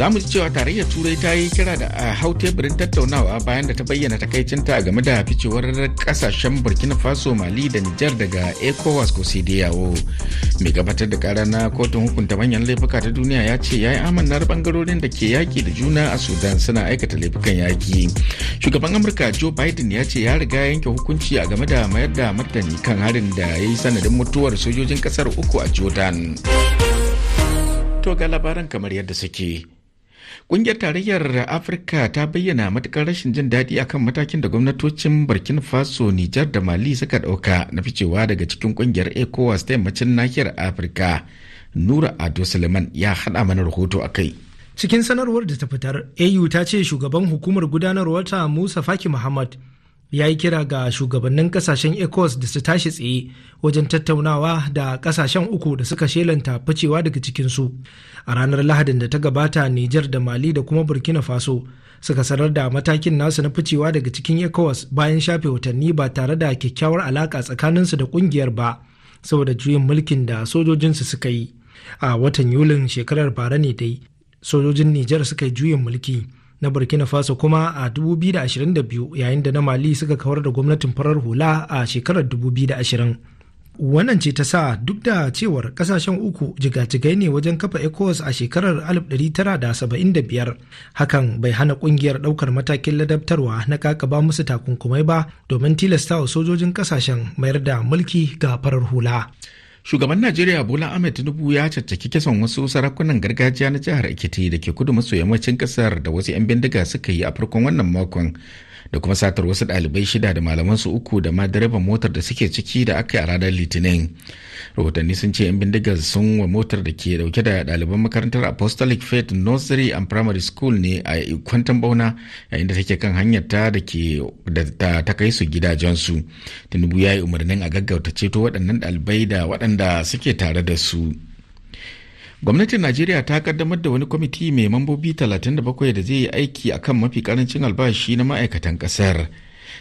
za mu ji cewa tarayyar turai ta yi kira da a hau teburin tattaunawa bayan da ta bayyana takaicinta game da ficewar kasashen burkina faso mali da nijar daga ecowas ko sai yawo mai gabatar da kara na kotun hukunta manyan laifuka ta duniya ya ce ya yi amannar bangarorin da ke yaki da juna a sudan suna aikata laifukan yaki shugaban amurka joe biden ya ce ya riga yanke hukunci a game da mayar da martani kan harin da ya yi sanadin mutuwar sojojin kasar uku a jordan to ga labaran kamar yadda suke Ƙungiyar Tarayyar Afirka ta bayyana matuƙar rashin jin daɗi akan matakin da gwamnatocin Burkina Faso, Nijar da Mali suka ɗauka na ficewa daga cikin ƙungiyar ECOWAS ta yammacin nahiyar Afirka. Nura Ado Suleiman ya haɗa mana rahoto a kai. Cikin sanarwar da ta fitar, AU ta ce shugaban hukumar gudanarwa ta Musa Faki Muhammad ya yi kira ga shugabannin kasashen ecos da su tashi tsaye wajen tattaunawa da kasashen uku da suka shelanta ficewa daga cikinsu a ranar lahadin da ta gabata niger da mali da kuma burkina faso suka sanar da matakin nasu na ficewa daga cikin ecos bayan shafe watanni ba tare da kyakkyawar alaka tsakaninsu da kungiyar ba saboda juyin mulkin da sojojinsu suka yi a watan yulin shekarar bara ne dai sojojin nijar suka yi juyin mulki na burkina faso kuma a 2022 yayin da na mali suka kawar da gwamnatin farar hula a shekarar 2020 wannan ce ta sa duk da cewar kasashen uku jigajigai ne wajen kafa ecowas a shekarar 1975 hakan bai hana kungiyar daukar matakin ladabtarwa na kakaba musu takunkumai ba domin tilastawa sojojin kasashen mayar da mulki ga farar hula Shugaban Najeriya Bola Ahmed Tinubu ya caccaki kisan wasu sarakunan gargajiya na jihar Ekiti da ke kudu maso yammacin kasar da wasu 'yan bindiga suka yi a farkon wannan makon da kuma satar wasu ɗalibai shida da malamansu uku da ma direban motar da suke ciki da aka yi a ranar litinin rahotanni sun ce 'yan bindigar sun wa motar da ke dauke da ɗaliban makarantar apostolic faith nursery and primary school ne a kwantan bauna yayin da take kan hanyar ta da ke da ta kai su gidajensu tinubu ya yi umarnin a gaggauta ceto waɗannan ɗalibai da waɗanda suke tare da su gwamnatin najeriya ta kaddamar da wani kwamiti mai mambobi 37 da zai yi aiki akan mafi karancin albashi na ma'aikatan kasar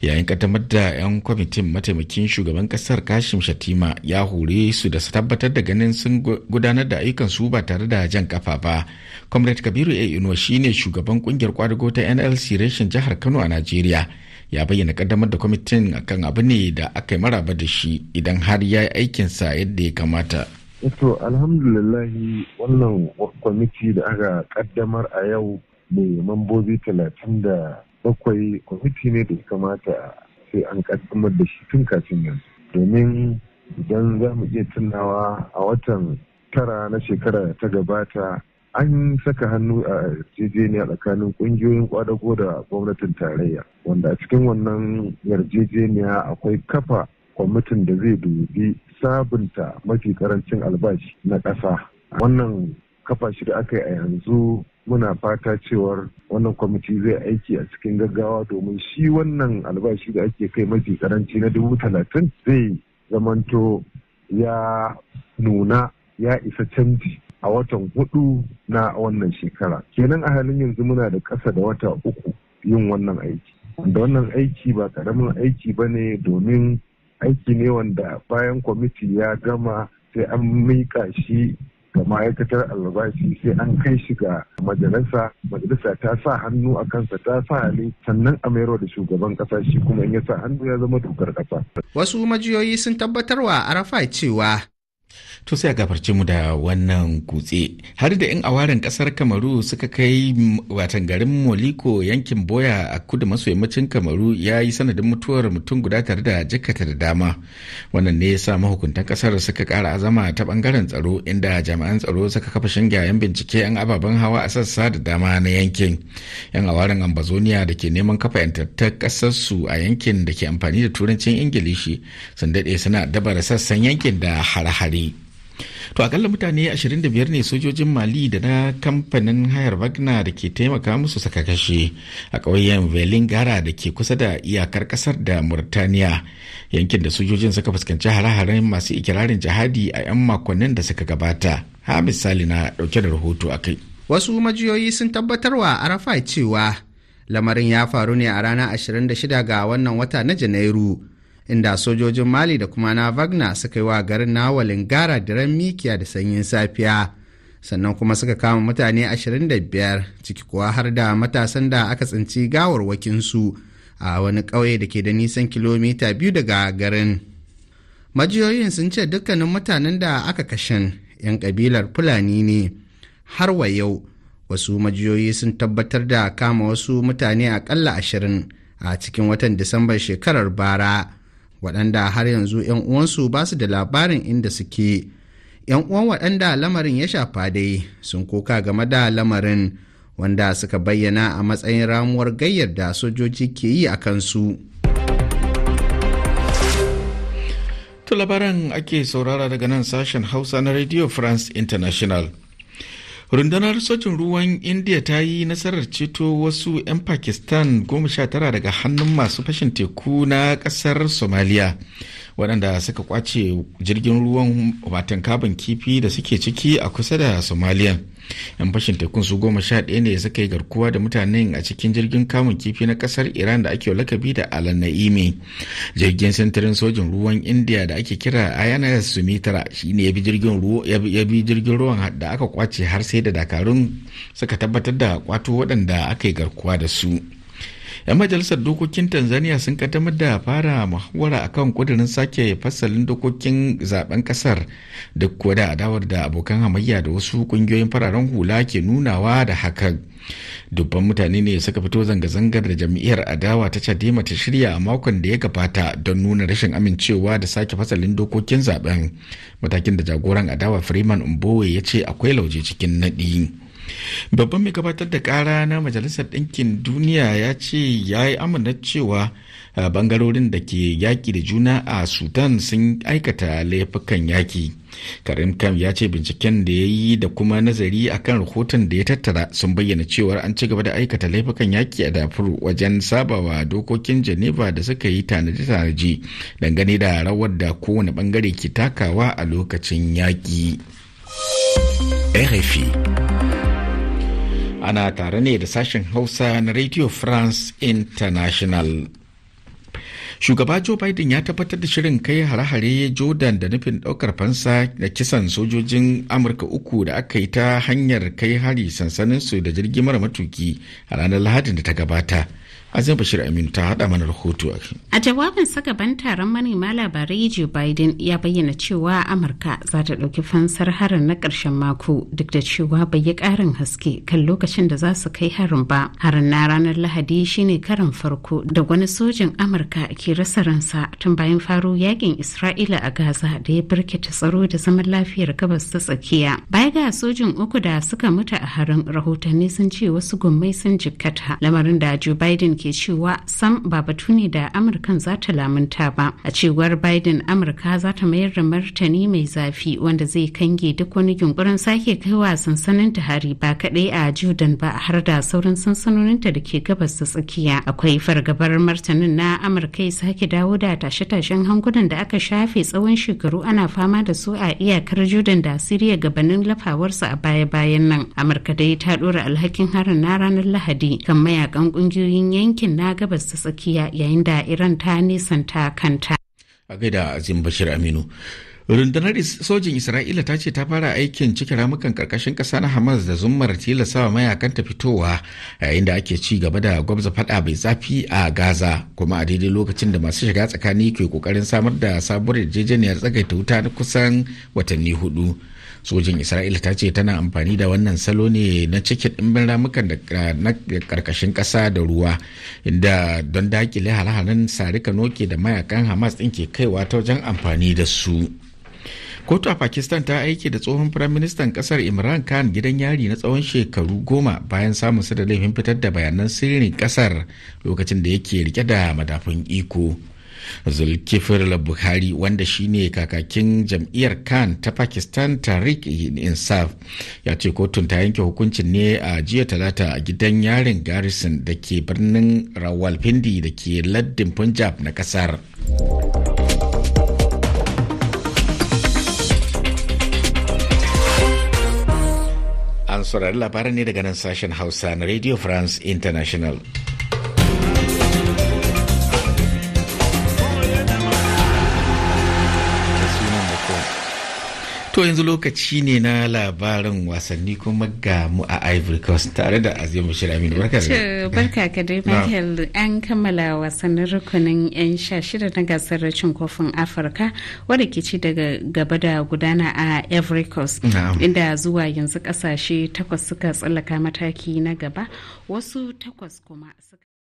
yayin kaddamar da 'yan kwamitin mataimakin shugaban kasar kashim shatima ya hore su da su tabbatar da ganin sun gudanar da ayyukan su ba tare da jan kafa ba comrade kabiru a inuwa shine shugaban kungiyar kwadago ta nlc reshen jihar kano a najeriya ya bayyana kaddamar da kwamitin akan abu ne da aka yi maraba da shi idan har ya yi aikinsa yadda ya kamata To alhamdulillahi wannan kwamiti da aka kaddamar a yau mai mambobi talatin da bakwai kwamiti ne da ya kamata sai an kaddamar da shi tun kafin yanzu. Domin idan za mu iya tunawa a watan tara na shekara ta gabata an saka hannu a yarjejeniya tsakanin kungiyoyin kwadago da gwamnatin tarayya wanda a cikin wannan yarjejeniya akwai kafa kwamitin da zai dubi sabunta mafi karancin albashi na ƙasa wannan kafa shi da aka yi a yanzu muna fata cewar wannan kwamiti zai aiki a cikin gaggawa domin shi wannan albashi da ake kai mafi karanci na dubu talatin zai zamanto ya nuna ya isa canji a watan hudu na wannan shekara kenan a halin yanzu muna da ƙasa da wata uku yin wannan aiki wanda wannan aiki ba karamin aiki ba ne domin aiki ne wanda bayan kwamiti ya gama sai an miƙa shi ga ma'aikatar albashi sai an kai shi ga majalisa majalisa ta sa hannu a kansa ta sa hali sannan a mayarwa da shugaban kasa shi kuma in ya sa hannu ya zama dokar kasa. wasu majiyoyi sun tabbatarwa arafai cewa to sai a gafarci mu da wannan kutse har da 'yan awaren kasar kamaru suka kai watan garin moliko yankin boya a kudu maso yammacin kamaru ya yi sanadin mutuwar mutum guda tare da jikata da dama wannan ne ya sa mahukuntan kasar suka kara azama ta bangaren tsaro inda jami'an tsaro suka kafa 'yan bincike 'yan ababen hawa a sassa da dama na yankin 'yan awaren ambazoniya da ke neman kafa yantattar kasarsu a yankin da ke amfani da turancin ingilishi sun daɗe suna dabara sassan yankin da hare-hare to akalla mutane 25 ne sojojin mali da na kamfanin hayar wagner da ke taimaka musu saka kashe a ƙauyen velingara da ke kusa da iyakar ƙasar da murtaniya yankin da sojojin suka fuskanci hare-haren masu ikirarin jihadi a 'yan makonnin da suka gabata ha misali na ɗauke da rahoto a kai wasu majiyoyi sun tabbatar wa arafa cewa lamarin ya faru ne a ranar 26 ga wannan wata na janairu inda sojojin mali da kuma na wagner suka yi wa garin nawalin gara daren mikiya da sanyin safiya sannan kuma suka kama mutane 25 ciki kuwa har da matasan da aka tsinci gawarwakinsu a wani ƙauye da ke da nisan kilomita biyu daga garin majiyoyin sun ce dukkanin mutanen da aka kashen 'yan kabilar fulani ne har wa yau wasu majiyoyi sun tabbatar da kama wasu mutane akalla ashirin a cikin watan disambar shekarar bara waɗanda har yanzu 'yan uwansu ba su da labarin inda suke 'yan uwan waɗanda lamarin ya shafa dai sun koka game da lamarin wanda suka bayyana a matsayin ramuwar gayyar da sojoji ke yi a kansu labaran ake saurara daga nan sashen hausa na radio france international rundunar sojin ruwan india ta yi nasarar ceto wasu 'yan pakistan 19 daga hannun masu fashin teku na kasar somalia waɗanda suka kwace jirgin ruwan watan kabin kifi da suke ciki a kusa da somalia 'yan fashin tekun su goma sha ɗaya ne saka yi garkuwa da mutanen a cikin jirgin kamun kifi na ƙasar iran da ake lakabi da alan na'imi jirgin sintirin sojin ruwan india da ake kira ins sumitra shine ya bi jirgin ruwan da aka kwace har sai da dakarun suka tabbatar da kwato waɗanda aka yi garkuwa da su 'yan majalisar dokokin tanzania sun kaddamar da fara muhawara akan kudirin sake fasalin dokokin zaben kasar duk kuwa da adawar da abokan hamayya da wasu kungiyoyin fararen hula ke nunawa da hakan dubban mutane ne suka fito zanga-zangar da jam'iyyar adawa ta chadema ta shirya a makon da ya gabata don nuna rashin amincewa da sake fasalin dokokin zaben matakin da jagoran adawa freeman umbowe ya ce akwai lauje cikin naɗi. babban mai gabatar da kara na majalisar ɗinkin duniya ya ce ya yi amina cewa bangarorin da ke yaƙi da juna a sudan sun aikata laifukan yaƙi karim kam ya ce binciken da ya yi da kuma nazari akan rahoton da ya tattara sun bayyana cewar an ci gaba da aikata laifukan yaƙi a dafur wajen sabawa dokokin geneva da suka yi tanaji tanaje dangane da rawar da kowane bangare ke takawa a lokacin yaƙi. RFI ana tare ne da sashen hausa na radio france international shugaba joe biden ya tabbatar da shirin kai hare-hare jordan da nufin daukar fansa da kisan sojojin amurka uku da aka yi ta hanyar kai hari sansaninsu da jirgin mara matuki a ranar lahadin da ta gabata Azim Bashir Aminu ta hada mana rahoto a kai. A jawabin ban taron manema labarai Joe Biden ya bayyana cewa Amurka za ta ɗauki fansar harin na ƙarshen mako duk da cewa bai yi ƙarin haske kan lokacin da za su kai harin ba. Harin na ranar Lahadi shine karin farko da wani sojin Amurka ke rasa ransa tun bayan faro yakin Isra'ila a Gaza da ya birkita tsaro da zaman lafiyar gabas ta tsakiya. Baya ga sojin uku da suka mutu a harin rahotanni sun ce wasu gummai sun jikkata lamarin da Joe Biden ke cewa sam ba batu ne da amurkan za ta lamunta ba a cewar biden amurka za ta mayar da martani mai zafi wanda zai kange duk wani yunkurin sake kaiwa sansanin ta hari ba kadai a jordan ba har da sauran sansanoninta da ke gabas da tsakiya akwai fargabar martanin na amurka sake dawo da tashe-tashen hankulan da aka shafe tsawon shekaru ana fama da su a iyakar jordan da siriya gabanin lafawarsa a baya-bayan nan amurka dai ta dora alhakin harin na ranar lahadi kan mayakan kungiyoyin yanki yankin na gabas ta tsakiya yayin da iran ta nisanta kanta a gaida azim bashir aminu rundunar sojin isra'ila ta ce ta fara aikin cike ramukan karkashin kasa na hamas da zummar tilasawa mayakanta fitowa yayin da ake ci gaba da gwamza fada mai zafi a gaza kuma a daidai lokacin da masu shiga tsakani ke kokarin samar da sabuwar yarjejeniyar tsagaita wuta na kusan watanni hudu sojin isra'ila ta ce tana amfani da wannan salo ne na cike ɗimbin ramukan da karkashin ƙasa da ruwa inda don dakile halahalan sarika noke da mayakan hamas ɗin ke kaiwa ta wajen amfani da su kotu a pakistan ta aiki da tsohon firaministan kasar imran khan gidan yari na tsawon shekaru goma bayan samun da laifin fitar da bayanan sirrin kasar lokacin da yake rike da madafun iko zulkifir buhari wanda shine kakakin jam'iyyar Khan ta pakistan tariq insaf ya ce kotun ta yanke hukuncin ne a jiya talata a gidan yarin garrison da ke birnin rawalpindi da ke laddin punjab na kasar an saurari labarin ne daga nan sashen hausa na radio france international To yanzu lokaci ne na labarin wasanni kuma ga mu a Ivory Coast tare da Azim Bashir Aminu. Barka da Barka ka dai Michael an kammala wasannin rukunin 'yan sha shida na gasar cin kofin Afirka wadda ke ci daga gaba da gudana a Ivory Coast inda zuwa yanzu kasashe takwas suka tsallaka mataki na gaba wasu takwas kuma suka